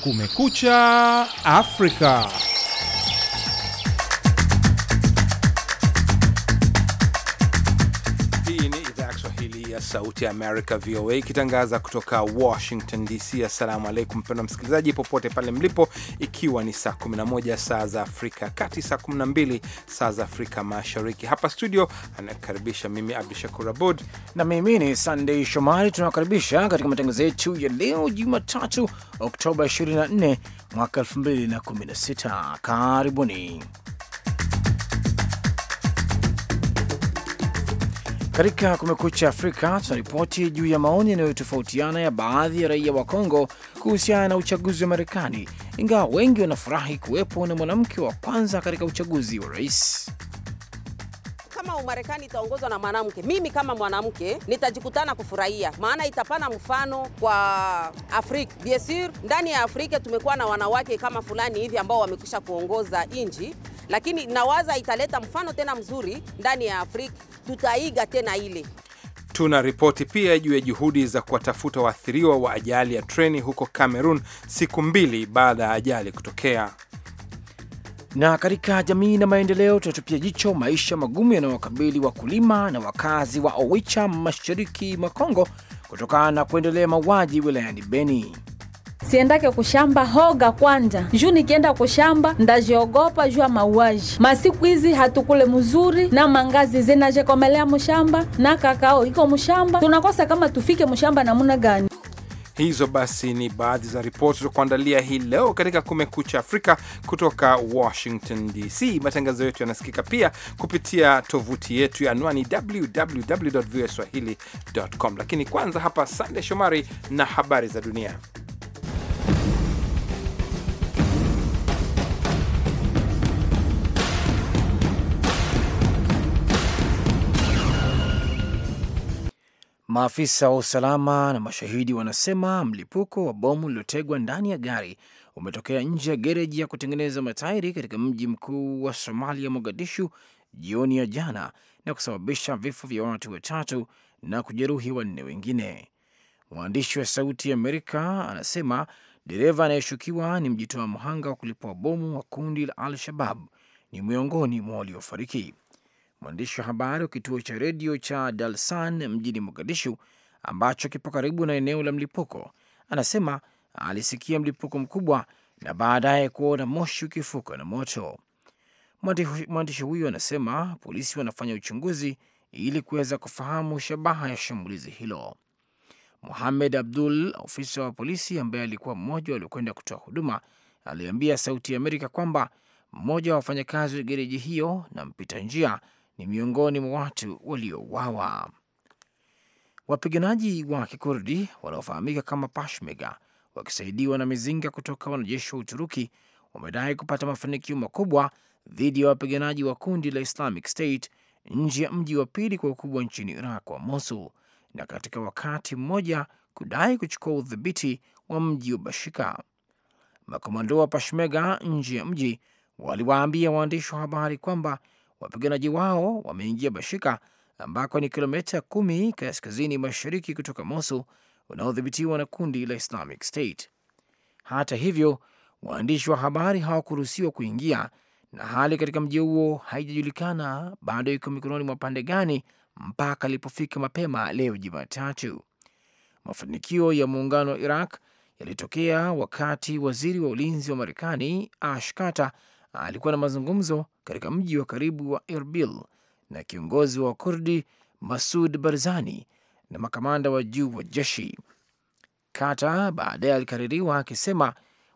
Kumekucha Afrika. Sauti ya Amerika, VOA, ikitangaza kutoka Washington DC. Assalamu alaikum mpendwa msikilizaji, popote pale mlipo, ikiwa ni saa 11 saa za Afrika kati, saa 12 saa za Afrika Mashariki. Hapa studio anakaribisha mimi Abdu Shakur Abud na mimi ni Sandei Shomari. Tunawakaribisha katika matangazo yetu ya leo Jumatatu, Oktoba 24 mwaka 2016. Karibuni. Katika Kumekucha Afrika tunaripoti juu ya maoni yanayotofautiana ya baadhi ya raia wa Kongo kuhusiana na uchaguzi wa Marekani, ingawa wengi wanafurahi kuwepo na mwanamke wa kwanza katika uchaguzi wa rais. Kama marekani itaongozwa na mwanamke, mimi kama mwanamke nitajikutana kufurahia, maana itapana mfano kwa Afrika. Bien sur, ndani ya Afrika tumekuwa na wanawake kama fulani hivi ambao wamekwisha kuongoza nchi lakini nawaza italeta mfano tena mzuri ndani ya Afrika, tutaiga tena ile. Tuna ripoti pia juu ya juhudi za kuwatafuta waathiriwa wa ajali ya treni huko Cameroon siku mbili baada ya ajali kutokea. Na katika jamii na maendeleo, tunatupia jicho maisha magumu yanayowakabili wakulima na wakazi wa Owicha, mashariki mwa Kongo, kutokana na kuendelea mauaji wilayani Beni siendake kushamba hoga kwanja, ju nikienda kushamba ndajiogopa juu ya mauaji. Masiku hizi hatukule mzuri na mangazi zinajekomelea mshamba na kakao iko mshamba tunakosa kama tufike mshamba namuna gani? Hizo basi ni baadhi za ripoti za kuandalia hii leo katika Kumekucha Afrika kutoka Washington DC. Matangazo yetu yanasikika pia kupitia tovuti yetu ya anwani www voa lakini kwanza hapa Sande Shomari na habari za dunia. Maafisa wa usalama na mashahidi wanasema mlipuko wa bomu lililotegwa ndani ya gari umetokea nje ya gereji ya kutengeneza matairi katika mji mkuu wa Somalia, Mogadishu, jioni ya jana na kusababisha vifo vya watu watatu na kujeruhi wanne wengine. Mwandishi wa Sauti ya Amerika anasema dereva anayeshukiwa ni mjitoa mhanga wa kulipua bomu wa kundi la Al Shabab ni miongoni mwa waliofariki mwandishi wa habari wa kituo cha redio cha Dalsan mjini Mogadishu, ambacho kipo karibu na eneo la mlipuko, anasema alisikia mlipuko mkubwa na baadaye kuona moshi ukifuka na moto. Mwandishi huyo anasema polisi wanafanya uchunguzi ili kuweza kufahamu shabaha ya shambulizi hilo. Muhamed Abdul, ofisa wa polisi ambaye alikuwa mmoja waliokwenda kutoa huduma, aliambia Sauti ya Amerika kwamba mmoja wa wafanyakazi wa gereji hiyo na mpita njia ni miongoni mwa watu waliouawa. Wapiganaji wa Kikurdi wanaofahamika kama Peshmerga wakisaidiwa na mizinga kutoka wanajeshi wa Uturuki wamedai kupata mafanikio makubwa dhidi ya wapiganaji wa kundi la Islamic State nje ya mji wa pili kwa ukubwa nchini Iraq wa Mosul, na katika wakati mmoja kudai kuchukua udhibiti wa mji wa Bashika. Makomando wa Peshmerga nje ya mji waliwaambia waandishi wa habari kwamba Wapiganaji wao wameingia Bashika ambako ni kilomita kumi kaskazini mashariki kutoka Mosul unaodhibitiwa na kundi la Islamic State. Hata hivyo, waandishi wa habari hawakuruhusiwa kuingia na hali katika mji huo haijajulikana bado iko mikononi mwa pande gani mpaka alipofika mapema leo Jumatatu. Mafanikio ya muungano wa Iraq yalitokea wakati waziri wa ulinzi wa Marekani Ash Carter alikuwa na mazungumzo katika mji wa karibu wa Erbil na kiongozi wa Kurdi Masud Barzani na makamanda wa juu wa jeshi. Kata baadaye alikaririwa akisema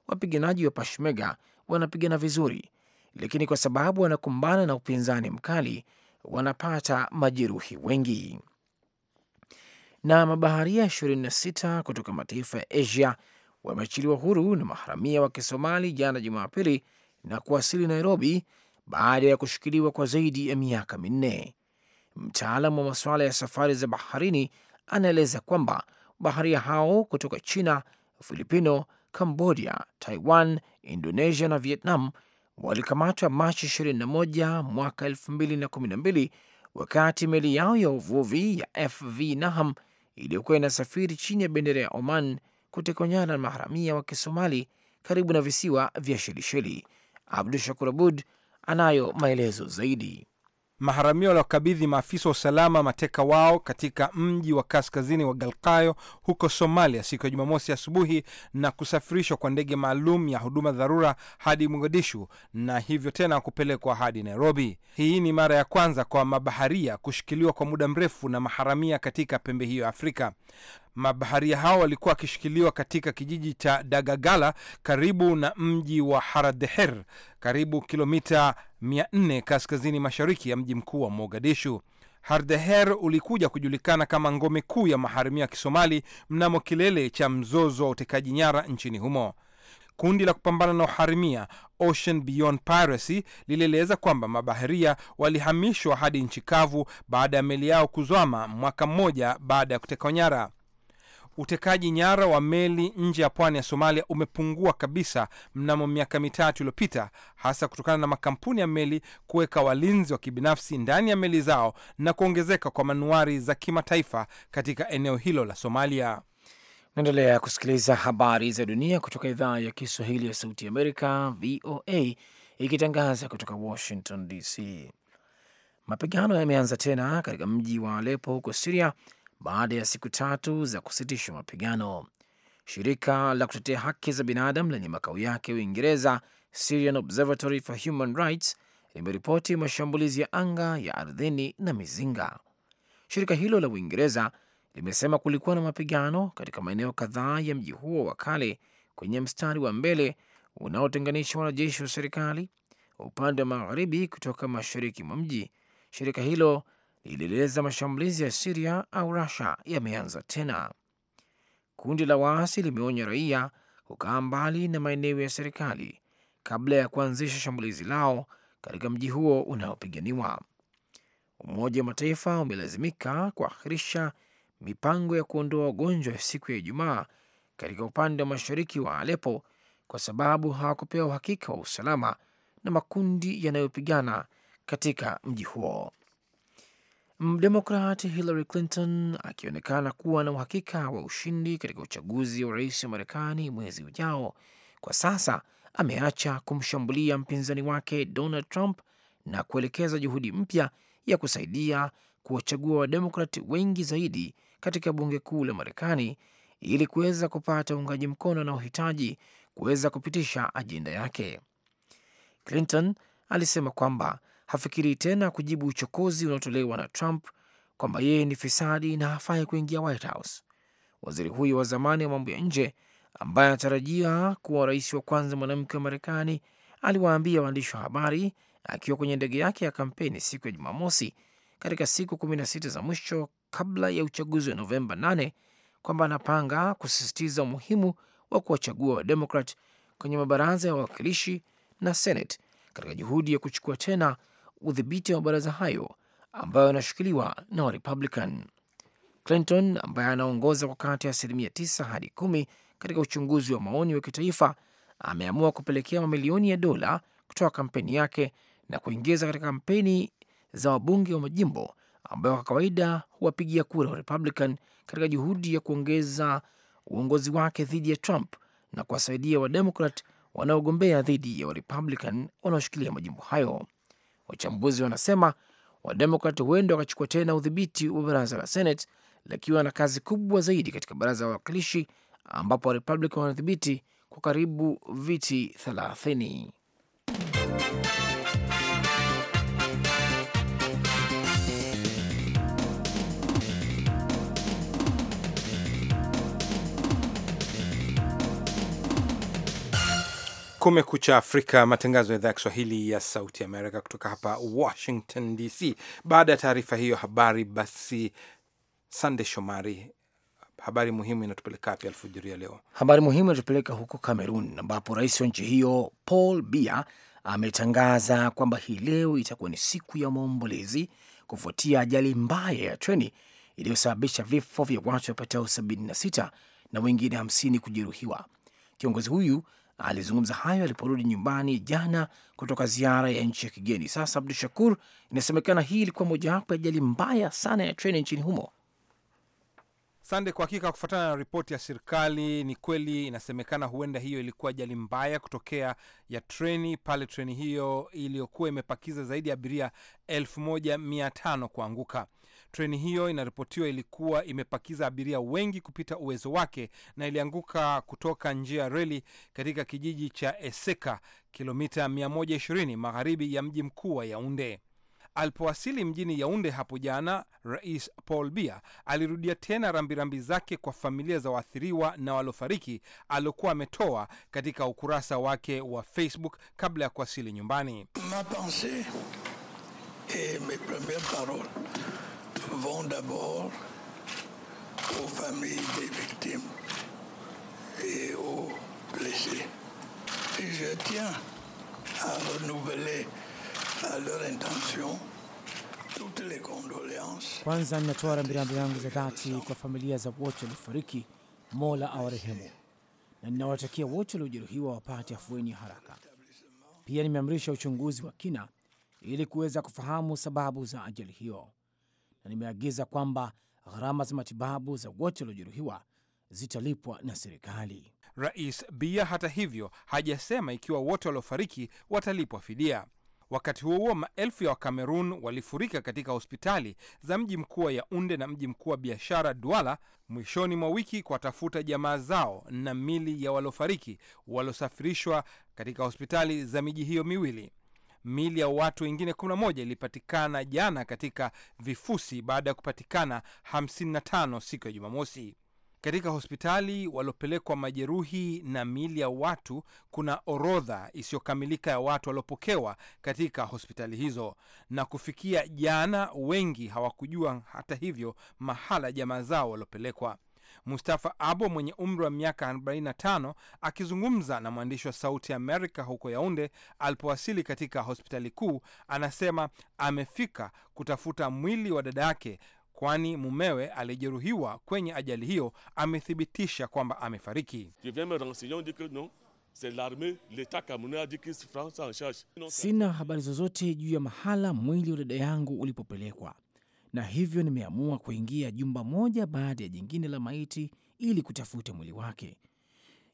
wapiganaji wa pashmega wanapigana vizuri, lakini kwa sababu wanakumbana na upinzani mkali wanapata majeruhi wengi. Na mabaharia 26 kutoka mataifa ya Asia wameachiliwa huru na maharamia wa Kisomali jana Jumapili na kuwasili Nairobi baada ya kushikiliwa kwa zaidi ya miaka minne. Mtaalamu wa masuala ya safari za baharini anaeleza kwamba baharia hao kutoka China, Filipino, Cambodia, Taiwan, Indonesia na Vietnam walikamatwa Machi 21 mwaka 2012 wakati meli yao ya uvuvi ya FV Naham iliyokuwa inasafiri chini ya bendera ya Oman kutekonyana na maharamia wa Kisomali karibu na visiwa vya Shelisheli Abdu Shakur Abud anayo maelezo zaidi. Maharamia waliokabidhi maafisa wa usalama mateka wao katika mji wa kaskazini wa Galkayo huko Somalia siku ya Jumamosi asubuhi na kusafirishwa kwa ndege maalum ya huduma dharura hadi Mogadishu na hivyo tena kupelekwa hadi Nairobi. Hii ni mara ya kwanza kwa mabaharia kushikiliwa kwa muda mrefu na maharamia katika pembe hiyo ya Afrika. Mabaharia hao walikuwa wakishikiliwa katika kijiji cha Dagagala karibu na mji wa Haradheher, karibu kilomita 400 kaskazini mashariki ya mji mkuu wa Mogadishu. Hardeher ulikuja kujulikana kama ngome kuu ya maharamia ya Kisomali mnamo kilele cha mzozo wa utekaji nyara nchini humo. Kundi la kupambana na uharimia Ocean Beyond Piracy lilieleza kwamba mabaharia walihamishwa hadi nchi kavu baada ya meli yao kuzama mwaka mmoja baada ya kutekwa nyara. Utekaji nyara wa meli nje ya pwani ya Somalia umepungua kabisa mnamo miaka mitatu iliyopita, hasa kutokana na makampuni ya meli kuweka walinzi wa kibinafsi ndani ya meli zao na kuongezeka kwa manuari za kimataifa katika eneo hilo la Somalia. Naendelea kusikiliza habari za dunia kutoka idhaa ya Kiswahili ya Sauti Amerika, VOA, ikitangaza kutoka Washington DC. Mapigano yameanza tena katika mji wa Alepo huko Siria baada ya siku tatu za kusitishwa mapigano. Shirika la kutetea haki za binadamu lenye makao yake Uingereza, Syrian Observatory for Human Rights, limeripoti mashambulizi ya anga ya ardhini na mizinga. Shirika hilo la Uingereza limesema kulikuwa na mapigano katika maeneo kadhaa ya mji huo wa kale kwenye mstari wa mbele unaotenganisha wanajeshi wa serikali upande wa magharibi kutoka mashariki mwa mji. Shirika hilo ilieleza mashambulizi ya Siria au Russia yameanza tena. Kundi la waasi limeonya raia kukaa mbali na maeneo ya serikali kabla ya kuanzisha shambulizi lao katika mji huo unaopiganiwa. Umoja wa Mataifa umelazimika kuahirisha mipango ya kuondoa wagonjwa ya siku ya Ijumaa katika upande wa mashariki wa Alepo kwa sababu hawakupewa uhakika wa usalama na makundi yanayopigana katika mji huo. Mdemokrat Hillary Clinton akionekana kuwa na uhakika wa ushindi katika uchaguzi wa rais wa Marekani mwezi ujao, kwa sasa ameacha kumshambulia mpinzani wake Donald Trump na kuelekeza juhudi mpya ya kusaidia kuwachagua wademokrati wengi zaidi katika bunge kuu la Marekani ili kuweza kupata uungaji mkono na uhitaji kuweza kupitisha ajenda yake. Clinton alisema kwamba hafikiri tena kujibu uchokozi unaotolewa na Trump kwamba yeye ni fisadi na hafai kuingia White House. Waziri huyo wa zamani wa mambo ya nje ambaye anatarajia kuwa rais wa kwanza mwanamke wa Marekani aliwaambia waandishi wa habari akiwa kwenye ndege yake ya kampeni siku ya Jumamosi, katika siku 16 za mwisho kabla ya uchaguzi wa Novemba 8 kwamba anapanga kusisitiza umuhimu wa kuwachagua Wademokrat kwenye mabaraza ya wawakilishi na Senate katika juhudi ya kuchukua tena udhibiti wa mabaraza hayo ambayo yanashikiliwa na Warepublican. Clinton ambaye anaongoza kwa kati ya asilimia tisa hadi kumi katika uchunguzi wa maoni wa kitaifa ameamua kupelekea mamilioni ya dola kutoka kampeni yake na kuingiza katika kampeni za wabunge wa majimbo ambayo kwa kawaida huwapigia kura wa Republican katika juhudi ya kuongeza uongozi wake dhidi ya Trump na kuwasaidia Wademokrat wanaogombea dhidi ya Warepublican wanaoshikilia majimbo hayo. Wachambuzi wanasema Wademokrat huenda wakachukua tena udhibiti wa baraza la Senate likiwa na kazi kubwa zaidi katika baraza la wawakilishi ambapo Warepublican wanadhibiti kwa karibu viti t3ahi0 Kumekucha Afrika, matangazo ya idhaa ya Kiswahili ya Sauti Amerika kutoka hapa Washington DC. Baada ya taarifa hiyo habari, basi Sande Shomari, habari muhimu inatupeleka wapi alfajiri ya leo? Habari muhimu inatupeleka huko Kamerun, ambapo rais wa nchi hiyo Paul bia ametangaza kwamba hii leo itakuwa ni siku ya maombolezi kufuatia ajali mbaya ya treni iliyosababisha vifo vya watu wapatao 76 na wengine 50 kujeruhiwa. Kiongozi huyu Alizungumza hayo aliporudi nyumbani jana kutoka ziara ya nchi ya kigeni. Sasa Abdu Shakur, inasemekana hii ilikuwa mojawapo ya ajali mbaya sana ya treni nchini humo. Sande, kwa hakika, kufuatana na ripoti ya serikali, ni kweli inasemekana huenda hiyo ilikuwa ajali mbaya kutokea ya treni pale, treni hiyo iliyokuwa imepakiza zaidi ya abiria elfu moja mia tano kuanguka. Treni hiyo inaripotiwa ilikuwa imepakiza abiria wengi kupita uwezo wake na ilianguka kutoka njia ya reli katika kijiji cha Eseka, kilomita 120 magharibi ya mji mkuu wa Yaunde. Alipowasili mjini Yaunde hapo jana, Rais Paul bia alirudia tena rambirambi zake kwa familia za waathiriwa na waliofariki aliokuwa ametoa katika ukurasa wake wa Facebook kabla ya kuwasili nyumbani. Ma et mes premieres paroles vont d'abord aux familles e des victimes et aux blessés. Et je tiens à renouveler à leur intention toutes les condoléances. Kwanza ninatoa rambirambi yangu za dhati kwa familia za wote waliofariki, Mola awarehemu, na ninawatakia wote waliojeruhiwa wapate afueni ya haraka. Pia nimeamrisha uchunguzi wa kina ili kuweza kufahamu sababu za ajali hiyo na limeagiza kwamba gharama za matibabu za wote waliojeruhiwa zitalipwa na serikali. Rais bia hata hivyo hajasema ikiwa wote waliofariki watalipwa fidia. Wakati huo huo, maelfu ya Wakamerun walifurika katika hospitali za mji mkuu wa Yaunde na mji mkuu wa biashara Duala mwishoni mwa wiki kuwatafuta jamaa zao na mili ya waliofariki waliosafirishwa katika hospitali za miji hiyo miwili. Mili ya watu wengine 11 ilipatikana jana katika vifusi baada ya kupatikana 55 siku ya Jumamosi. Katika hospitali waliopelekwa majeruhi na miili ya watu, kuna orodha isiyokamilika ya watu waliopokewa katika hospitali hizo, na kufikia jana wengi hawakujua hata hivyo mahala jamaa zao waliopelekwa. Mustafa Abo mwenye umri wa miaka 45 akizungumza na mwandishi wa Sauti ya Amerika huko Yaunde alipowasili katika hospitali kuu, anasema amefika kutafuta mwili wa dada yake kwani mumewe aliyejeruhiwa kwenye ajali hiyo. Amethibitisha kwamba amefariki. Sina habari zozote juu ya mahala mwili wa dada yangu ulipopelekwa na hivyo nimeamua kuingia jumba moja baada ya jingine la maiti ili kutafuta mwili wake.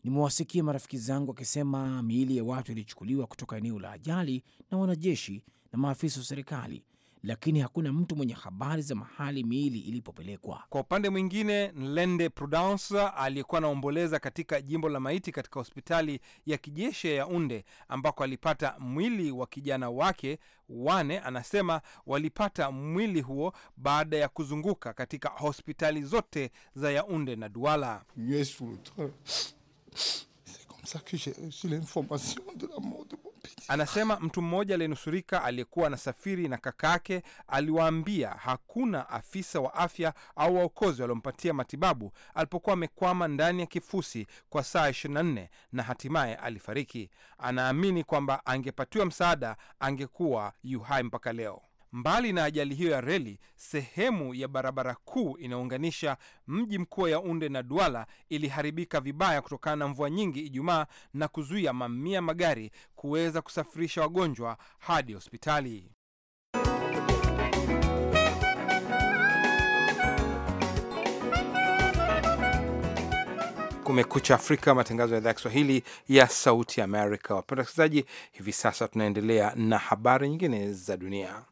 Nimewasikia marafiki zangu wakisema miili ya watu ilichukuliwa kutoka eneo la ajali na wanajeshi na maafisa wa serikali lakini hakuna mtu mwenye habari za mahali miili ilipopelekwa. Kwa upande mwingine, Nlende Prudence aliyekuwa anaomboleza katika jimbo la maiti katika hospitali ya kijeshi ya Yaunde ambako alipata mwili wa kijana wake Wane, anasema walipata mwili huo baada ya kuzunguka katika hospitali zote za Yaunde na Duala. Anasema mtu mmoja aliyenusurika aliyekuwa anasafiri na kaka yake aliwaambia hakuna afisa wa afya au waokozi waliompatia matibabu alipokuwa amekwama ndani ya kifusi kwa saa 24 na hatimaye alifariki. Anaamini kwamba angepatiwa msaada angekuwa yuhai mpaka leo. Mbali na ajali hiyo ya reli, sehemu ya barabara kuu inayounganisha mji mkuu wa Yaunde na Duala iliharibika vibaya kutokana na mvua nyingi Ijumaa na kuzuia mamia magari kuweza kusafirisha wagonjwa hadi hospitali. Kumekucha Afrika, matangazo ya idhaa ya Kiswahili ya Sauti Amerika. Wapenda wasikilizaji, hivi sasa tunaendelea na habari nyingine za dunia.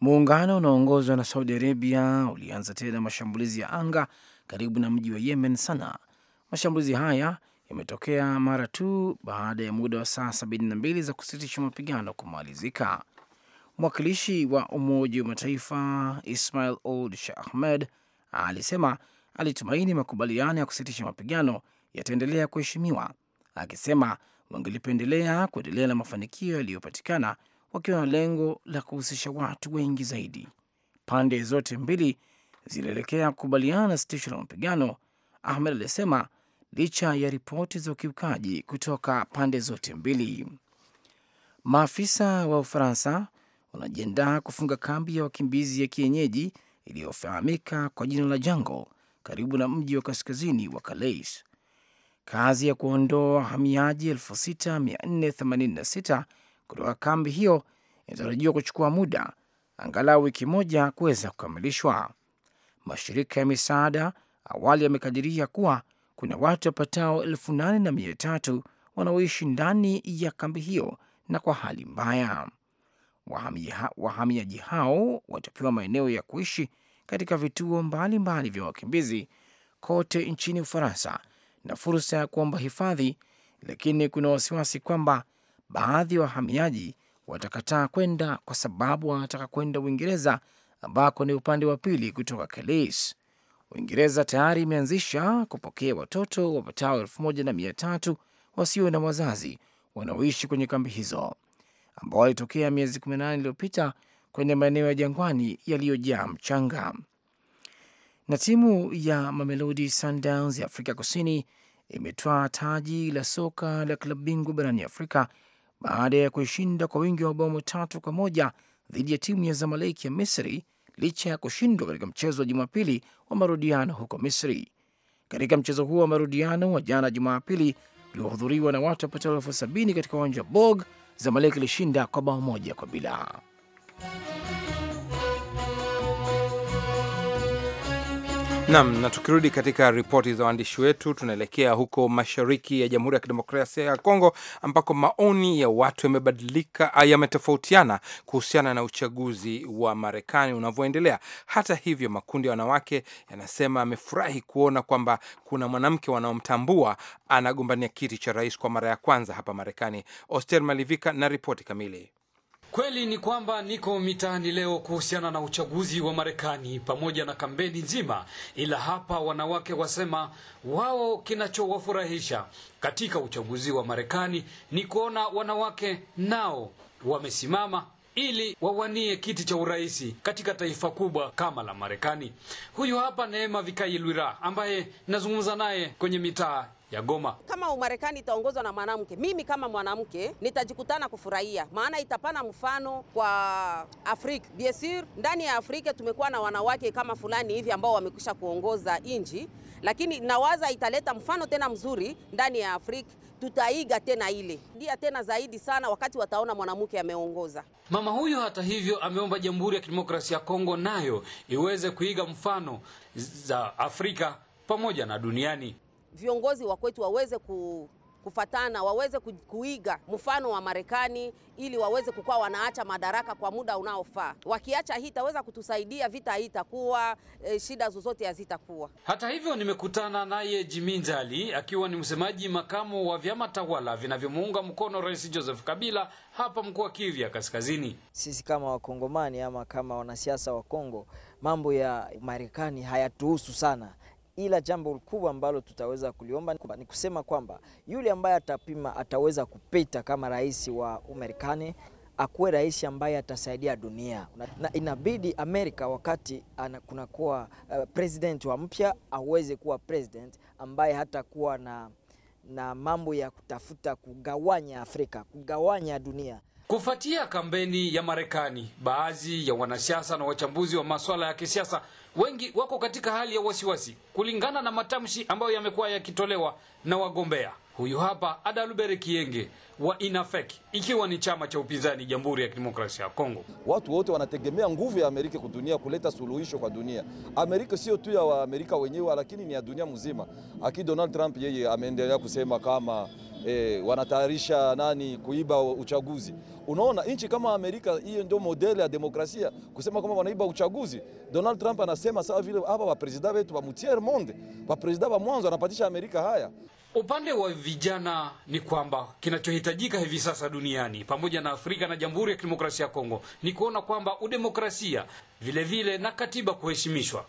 Muungano unaoongozwa na Saudi Arabia ulianza tena mashambulizi ya anga karibu na mji wa Yemen, Sana. Mashambulizi haya yametokea mara tu baada ya muda wa saa mbili za kusitisha mapigano kumalizika. Mwakilishi wa Umoja wa Mataifa Ismail Old Sheikh Ahmed alisema alitumaini makubaliano ya kusitisha mapigano yataendelea kuheshimiwa, akisema wangelipendelea kuendelea na mafanikio yaliyopatikana wakiwa na lengo la kuhusisha watu wengi zaidi. Pande zote mbili zilielekea kukubaliana na sitisho la mapigano, Ahmed alisema, licha ya ripoti za ukiukaji kutoka pande zote mbili. Maafisa wa Ufaransa wanajiandaa kufunga kambi ya wakimbizi ya kienyeji iliyofahamika kwa jina la Jango karibu na mji wa kaskazini wa Calais. Kazi ya kuondoa wahamiaji 6486 kutoka kambi hiyo inatarajiwa kuchukua muda angalau wiki moja kuweza kukamilishwa. Mashirika ya misaada awali yamekadiria kuwa kuna watu wapatao elfu nane na mia tatu wanaoishi ndani ya kambi hiyo na kwa hali mbaya. Wahamiaji hao watapewa maeneo ya kuishi katika vituo mbalimbali mbali vya wakimbizi kote nchini Ufaransa na fursa ya kuomba hifadhi, lakini kuna wasiwasi kwamba baadhi ya wa wahamiaji watakataa kwenda kwa sababu wanataka kwenda Uingereza ambako ni upande wa pili kutoka Calais. Uingereza tayari imeanzisha kupokea watoto wapatao elfu moja na mia tatu wasio na wazazi wanaoishi kwenye kambi hizo ambao walitokea miezi 18 iliyopita kwenye maeneo ya jangwani yaliyojaa mchanga. Na timu ya Mamelodi Sundowns ya Afrika Kusini imetwaa taji la soka la klabu bingwa barani Afrika baada ya kuishinda kwa wingi wa mabao matatu kwa moja dhidi ya timu ya Zamalek ya Misri licha ya kushindwa katika mchezo wa Jumapili wa marudiano huko Misri. Katika mchezo huo wa marudiano wa jana Jumapili uliohudhuriwa na watu wapatao elfu sabini katika uwanja wa Borg, Zamalek ilishinda kwa bao moja kwa bila. Nam, na tukirudi katika ripoti za waandishi wetu, tunaelekea huko mashariki ya Jamhuri ya Kidemokrasia ya Kongo ambako maoni ya watu yamebadilika, ah, yametofautiana kuhusiana na uchaguzi wa Marekani unavyoendelea. Hata hivyo, makundi ya wanawake yanasema amefurahi kuona kwamba kuna mwanamke wanaomtambua anagombania kiti cha rais kwa mara ya kwanza hapa Marekani. Oster Malivika na ripoti kamili. Kweli ni kwamba niko mitaani leo kuhusiana na uchaguzi wa Marekani pamoja na kampeni nzima, ila hapa wanawake wasema wao kinachowafurahisha katika uchaguzi wa Marekani ni kuona wanawake nao wamesimama ili wawanie kiti cha urais katika taifa kubwa kama la Marekani. Huyu hapa Neema Vikai Lwira ambaye nazungumza naye kwenye mitaa ya Goma. Kama Umarekani itaongozwa na mwanamke, mimi kama mwanamke nitajikutana kufurahia, maana itapana mfano kwa Afrika. Biesir, ndani ya Afrika tumekuwa na wanawake kama fulani hivi ambao wamekwisha kuongoza inji, lakini nawaza italeta mfano tena mzuri ndani ya Afrika, tutaiga tena ile ndia tena zaidi sana, wakati wataona mwanamke ameongoza. Mama huyo hata hivyo ameomba Jamhuri ya Kidemokrasia ya Kongo nayo iweze kuiga mfano za Afrika pamoja na duniani viongozi wa kwetu waweze ku kufatana waweze kuiga mfano wa Marekani ili waweze kukua wanaacha madaraka kwa muda unaofaa. Wakiacha hii itaweza kutusaidia, vita itakuwa e, eh, shida zozote hazitakuwa. Hata hivyo, nimekutana naye Jiminjali akiwa ni msemaji makamu wa vyama tawala vinavyomuunga mkono Rais Joseph Kabila hapa mkoa Kivu ya Kaskazini. Sisi kama Wakongomani ama kama wanasiasa wa Kongo, mambo ya Marekani hayatuhusu sana ila jambo kubwa ambalo tutaweza kuliomba ni kusema kwamba yule ambaye atapima ataweza kupita kama rais wa Umerikani akuwe rais ambaye atasaidia dunia na inabidi Amerika wakati kunakuwa uh, president wa mpya aweze kuwa president ambaye hatakuwa na, na mambo ya kutafuta kugawanya Afrika, kugawanya dunia. Kufuatia kampeni ya Marekani, baadhi ya wanasiasa na wachambuzi wa masuala ya kisiasa wengi wako katika hali ya wasiwasi, kulingana na matamshi ambayo yamekuwa yakitolewa na wagombea. Huyu hapa Adalubere Kienge wa Inafek, ikiwa ni chama cha upinzani Jamhuri ya Kidemokrasia ya Kongo. Watu wote wanategemea nguvu ya Amerika kudunia kuleta suluhisho kwa dunia. Amerika sio tu ya Waamerika wenyewe, lakini ni ya dunia mzima. Aki Donald Trump yeye ameendelea kusema kama E, wanatayarisha nani kuiba uchaguzi. Unaona nchi kama Amerika, hiyo ndio modeli ya demokrasia, kusema kama wanaiba uchaguzi. Donald Trump anasema sawa vile hapa president wetu wa mutiere monde, president wa mwanzo anapatisha Amerika haya upande wa vijana ni kwamba kinachohitajika hivi sasa duniani pamoja na Afrika na Jamhuri ya Kidemokrasia ya Kongo ni kuona kwamba udemokrasia vile vile na katiba kuheshimishwa.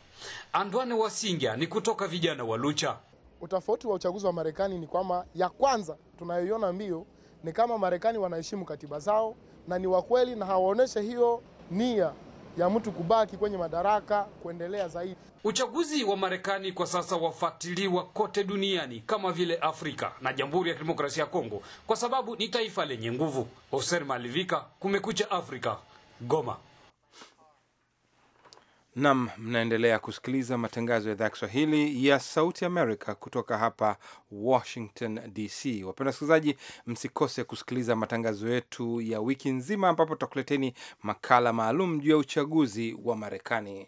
Antoine Wasingya ni kutoka vijana wa Lucha. Utofauti wa uchaguzi wa Marekani ni kwamba ya kwanza tunayoiona mbio ni kama Marekani wanaheshimu katiba zao na ni wakweli na hawaoneshe hiyo nia ya mtu kubaki kwenye madaraka kuendelea zaidi. Uchaguzi wa Marekani kwa sasa wafuatiliwa kote duniani kama vile Afrika na Jamhuri ya Kidemokrasia ya Kongo kwa sababu ni taifa lenye nguvu. Hoser Malivika, Kumekucha Afrika, Goma. Nam, mnaendelea kusikiliza matangazo ya idhaa ya Kiswahili ya Sauti Amerika kutoka hapa Washington DC. Wapenda wasikilizaji, msikose kusikiliza matangazo yetu ya wiki nzima, ambapo tutakuleteni makala maalum juu ya uchaguzi wa Marekani.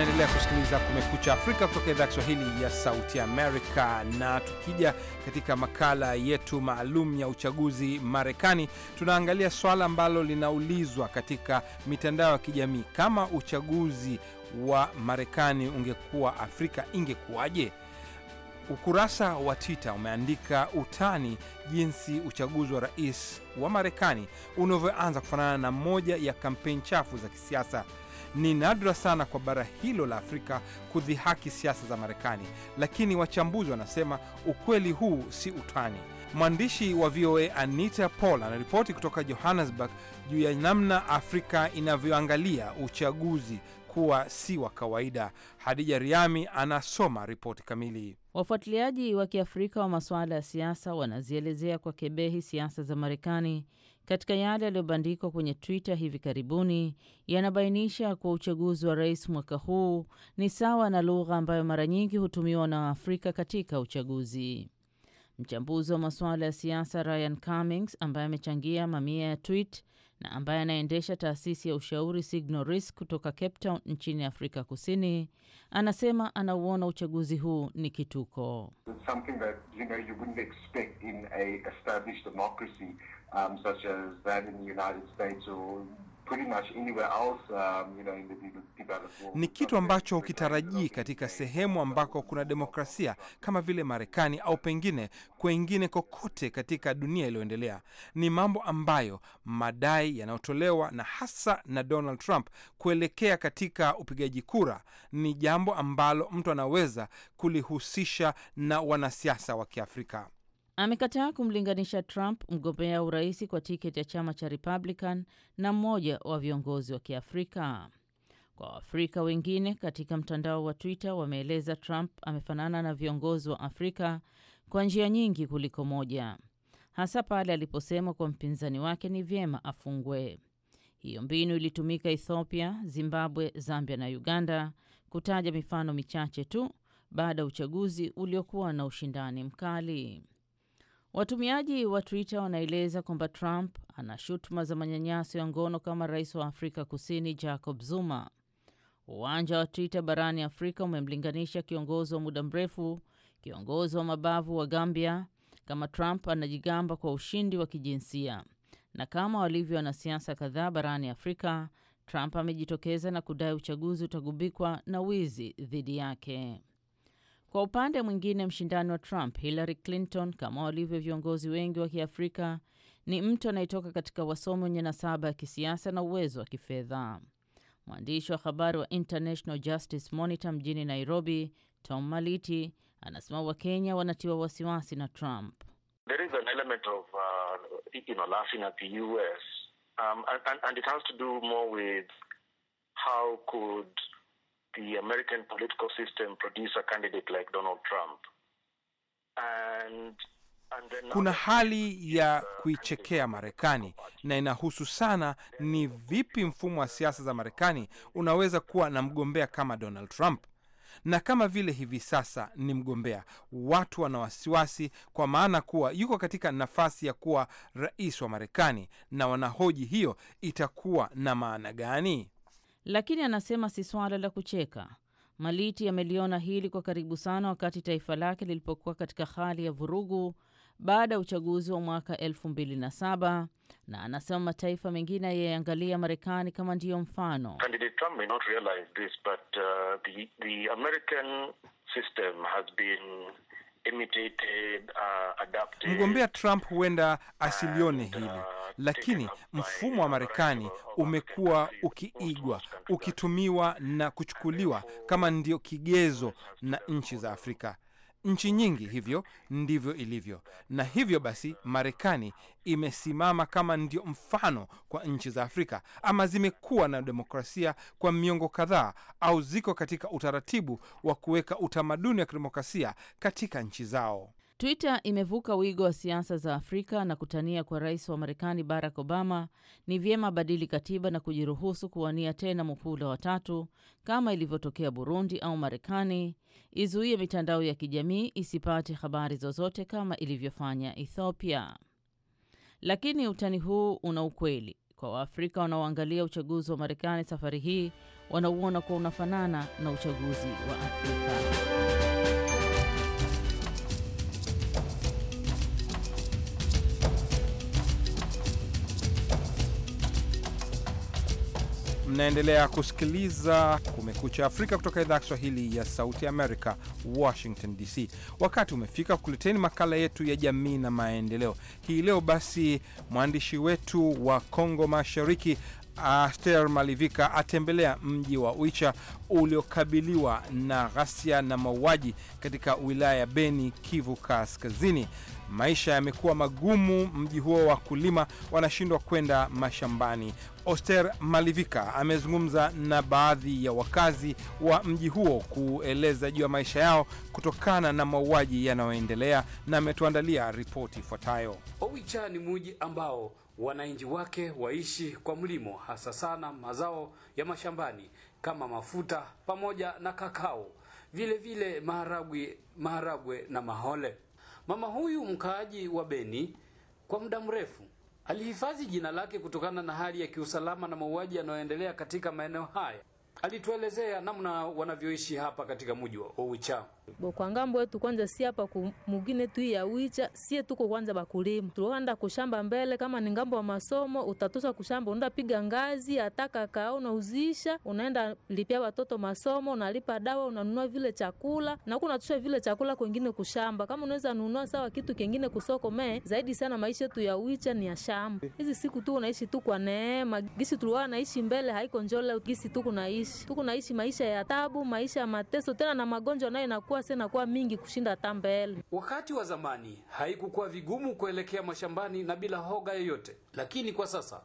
Unaendelea kusikiliza Kumekucha Afrika kutoka idhaa Kiswahili ya Sauti Amerika. Na tukija katika makala yetu maalum ya uchaguzi Marekani, tunaangalia swala ambalo linaulizwa katika mitandao ya kijamii: kama uchaguzi wa Marekani ungekuwa Afrika ingekuwaje? Ukurasa wa Twitter umeandika utani jinsi uchaguzi wa rais wa Marekani unavyoanza kufanana na moja ya kampeni chafu za kisiasa. Ni nadra sana kwa bara hilo la Afrika kudhihaki siasa za Marekani, lakini wachambuzi wanasema ukweli huu si utani. Mwandishi wa VOA Anita Paul anaripoti kutoka Johannesburg juu ya namna Afrika inavyoangalia uchaguzi kuwa si wa kawaida. Hadija Riami anasoma ripoti kamili. Wafuatiliaji wa Kiafrika wa masuala ya siasa wanazielezea kwa kebehi siasa za Marekani katika yale yaliyobandikwa kwenye Twitter hivi karibuni yanabainisha kuwa uchaguzi wa rais mwaka huu ni sawa na lugha ambayo mara nyingi hutumiwa na Waafrika katika uchaguzi. Mchambuzi wa masuala ya siasa Ryan Cummings ambaye amechangia mamia ya tweet na ambaye anaendesha taasisi ya ushauri Signal Risk kutoka Cape Town nchini Afrika Kusini, anasema anauona uchaguzi huu ni kituko. um, Um, ni kitu ambacho hukitarajii katika sehemu ambako kuna demokrasia kama vile Marekani au pengine kwengine kokote katika dunia iliyoendelea. Ni mambo ambayo madai yanayotolewa na hasa na Donald Trump kuelekea katika upigaji kura ni jambo ambalo mtu anaweza kulihusisha na wanasiasa wa Kiafrika amekataa kumlinganisha Trump, mgombea urais kwa tiketi ya chama cha Republican, na mmoja wa viongozi wa Kiafrika. Kwa Waafrika wengine katika mtandao wa Twitter wameeleza Trump amefanana na viongozi wa Afrika kwa njia nyingi kuliko moja, hasa pale aliposema kwa mpinzani wake ni vyema afungwe. Hiyo mbinu ilitumika Ethiopia, Zimbabwe, Zambia na Uganda, kutaja mifano michache tu baada ya uchaguzi uliokuwa na ushindani mkali. Watumiaji wa Twitter wanaeleza kwamba Trump ana shutuma za manyanyaso ya ngono kama rais wa Afrika Kusini Jacob Zuma. Uwanja wa Twitter barani Afrika umemlinganisha kiongozi wa muda mrefu, kiongozi wa mabavu wa Gambia kama Trump anajigamba kwa ushindi wa kijinsia. Na kama walivyo wanasiasa kadhaa barani Afrika, Trump amejitokeza na kudai uchaguzi utagubikwa na wizi dhidi yake. Kwa upande mwingine, mshindani wa Trump Hillary Clinton, kama walivyo viongozi wengi wa Kiafrika, ni mtu anayetoka katika wasomi wenye nasaba ya kisiasa na uwezo wa kifedha. Mwandishi wa habari wa International Justice Monitor mjini Nairobi, Tom Maliti, anasema Wakenya wanatiwa wasiwasi na Trump. There is an element of, uh, you know, laughing at the US. Um, and, and it has to do more with how could the American political system produce a candidate like Donald Trump. And, and then kuna hali ya kuichekea Marekani na inahusu sana ni vipi mfumo wa siasa za Marekani unaweza kuwa na mgombea kama Donald Trump na kama vile hivi sasa ni mgombea, watu wana wasiwasi kwa maana kuwa yuko katika nafasi ya kuwa rais wa Marekani, na wanahoji hiyo itakuwa na maana gani? lakini anasema si swala la kucheka. Maliti ameliona hili kwa karibu sana wakati taifa lake lilipokuwa katika hali ya vurugu baada ya uchaguzi wa mwaka 2007 na anasema mataifa mengine yayeangalia Marekani kama ndiyo mfano. Uh, uh, mgombea Trump huenda uh, asilione uh, hili lakini mfumo wa Marekani umekuwa ukiigwa, ukitumiwa na kuchukuliwa kama ndio kigezo na nchi za Afrika. Nchi nyingi hivyo ndivyo ilivyo, na hivyo basi Marekani imesimama kama ndio mfano kwa nchi za Afrika, ama zimekuwa na demokrasia kwa miongo kadhaa, au ziko katika utaratibu wa kuweka utamaduni wa kidemokrasia katika nchi zao. Twitter imevuka wigo wa siasa za Afrika na kutania kwa rais wa Marekani Barack Obama ni vyema badili katiba na kujiruhusu kuwania tena muhula wa tatu kama ilivyotokea Burundi au Marekani, izuie mitandao ya kijamii isipate habari zozote kama ilivyofanya Ethiopia. Lakini utani huu una ukweli. Kwa Waafrika wanaoangalia uchaguzi wa Marekani safari hii, wanauona kuwa unafanana na uchaguzi wa Afrika. Mnaendelea kusikiliza Kumekucha Afrika kutoka idhaa ya Kiswahili ya Sauti Amerika, Washington DC. Wakati umefika kuleteni makala yetu ya jamii na maendeleo hii leo. Basi mwandishi wetu wa Kongo Mashariki Aster Malivika atembelea mji wa Uicha uliokabiliwa na ghasia na mauaji katika wilaya ya Beni, Kivu Kaskazini. Maisha yamekuwa magumu, mji huo wakulima wanashindwa kwenda mashambani. Oster Malivika amezungumza na baadhi ya wakazi wa mji huo kueleza juu ya maisha yao kutokana na mauaji yanayoendelea, na ametuandalia ripoti ifuatayo. Oicha ni mji ambao wananchi wake waishi kwa mlimo, hasa sana mazao ya mashambani kama mafuta pamoja na kakao, vilevile maharagwe, maharagwe na mahole. Mama huyu mkaaji wa Beni kwa muda mrefu alihifadhi jina lake kutokana na hali ya kiusalama na mauaji yanayoendelea katika maeneo haya. Alituelezea namna wanavyoishi hapa katika mji wa Uchao. Bo kwa ngambo yetu kwanza, si hapa kumugine tu ya uicha, sie tuko kwanza bakulima, tuanda kushamba mbele. Kama ni ngambo wa masomo, utatosa kushamba, unda piga ngazi, ataka kaa unauzisha, unaenda lipia watoto masomo, unalipa dawa, unanunua vile chakula na kuna tusha vile chakula kwingine kushamba. Kama unaweza nunua sawa kitu kingine kusoko, me zaidi sana maisha yetu ya uicha ni ya shamba. Hizi siku tu unaishi tu kwa neema, gisi tuliwa naishi mbele haiko njole, gisi tu kunaishi tu kunaishi maisha ya tabu, maisha ya mateso tena na magonjwa nayo inakuwa mikose inakuwa mingi kushinda hata mbele. Wakati wa zamani haikukuwa vigumu kuelekea mashambani na bila hoga yoyote, lakini kwa sasa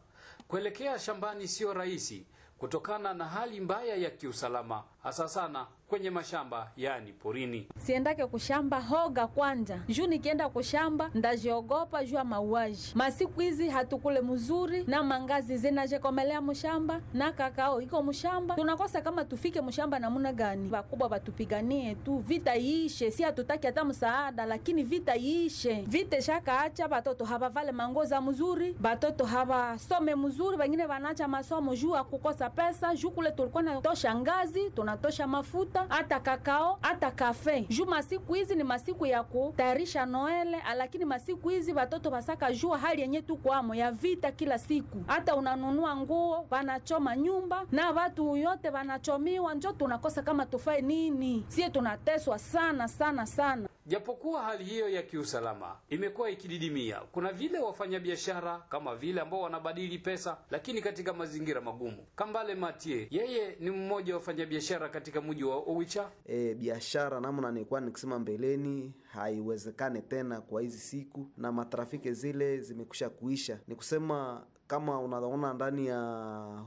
kuelekea shambani sio rahisi kutokana na hali mbaya ya kiusalama hasa sana kwenye mashamba yani porini. Siendake kushamba hoga kwanja, juu nikienda kushamba ndajiogopa juu ya mauaji. Masiku hizi hatukule mzuri na mangazi zinajekomelea mshamba na kakao iko mshamba, tunakosa kama tufike mshamba namuna gani? Wakubwa batupiganie tu, vita iishe. Si hatutaki hata msaada, lakini vita iishe. Vita shakaacha, batoto habavale mangoza mzuri, batoto habasome mzuri, wengine banacha masomo juu akukosa pesa, juu kule tulikuwa natosha ngazi tunatosha mafuta mafuta hata kakao hata kafe. Juu masiku hizi ni masiku ya kutayarisha Noele, lakini masiku hizi watoto wasaka jua hali yenye tukwamo ya vita kila siku. Hata unanunua nguo wanachoma nyumba na watu yote wanachomiwa, njo tunakosa kama tufae nini? Sie tunateswa sana sana sana. Japokuwa hali hiyo ya kiusalama imekuwa ikididimia, kuna vile wafanyabiashara kama vile ambao wanabadili pesa, lakini katika mazingira magumu. Kambale Matie yeye ni mmoja wa wafanyabiashara katika mji wa uwicha e, biashara namna nilikuwa nikisema mbeleni haiwezekane tena kwa hizi siku, na matrafiki zile zimekusha kuisha. Ni kusema kama unaona ndani ya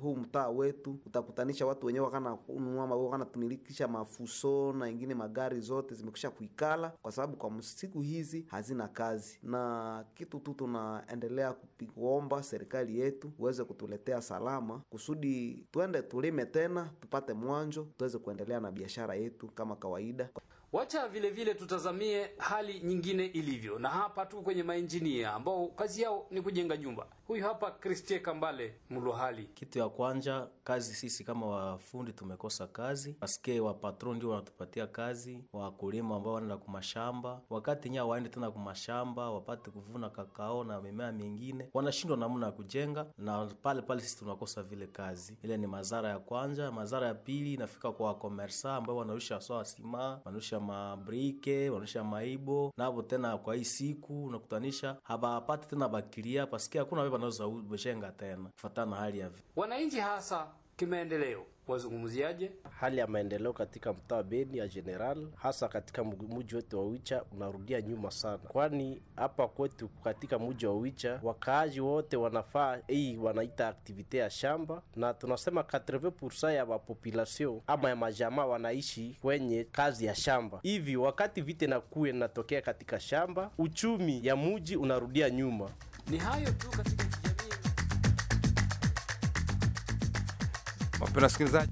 huu mtaa wetu utakutanisha watu wenyewe wakanatumilikisha mafuso na ingine magari zote zimekusha kuikala, kwa sababu kwa siku hizi hazina kazi. Na kitu tu tunaendelea kuomba serikali yetu uweze kutuletea salama, kusudi tuende tulime tena, tupate mwanjo, tuweze kuendelea na biashara yetu kama kawaida. Wacha vile vile tutazamie hali nyingine ilivyo, na hapa tu kwenye mainjinia ambao kazi yao ni kujenga nyumba. Huyu hapa Christie Kambale Mluhali. Kitu ya kwanza, kazi sisi kama wafundi tumekosa kazi, paske wa patron ndio wanatupatia kazi, wakulima ambao wanaenda kumashamba, wakati nyaa waende tena kumashamba wapate kuvuna kakao na mimea mingine, wanashindwa namna ya kujenga, na pale pale sisi tunakosa vile kazi. Ile ni madhara ya kwanza. Madhara ya pili inafika kwa wakomersa ambao wanarusha sawa simaa wanarusha wanaonyesha mabrike, wanaonyesha maibo navo tena. Kwa hii siku unakutanisha habapati tena bakiria pasikia hakuna wewe wanaoza beshenga tena kufatana na hali ya wananchi hasa kimaendeleo wazungumziaje hali ya maendeleo katika mtaa Beni ya General, hasa katika mji wetu wa Wicha unarudia nyuma sana, kwani hapa kwetu katika mji wa Wicha wakaaji wote wanafaa hii wanaita aktivite ya shamba, na tunasema 80% ya population ama ya majamaa wanaishi kwenye kazi ya shamba. Hivi wakati vite na kuwe natokea katika shamba, uchumi ya muji unarudia nyuma. Ni hayo tu katika ou para o secretário.